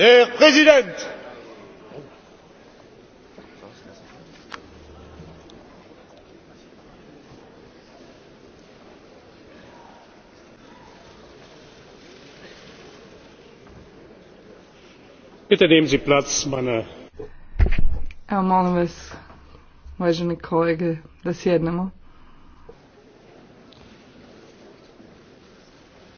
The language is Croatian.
Herr Präsident! Bitte nehmen Sie Platz, meine. Evo molim vas, uvaženi kolege, da sjednemo.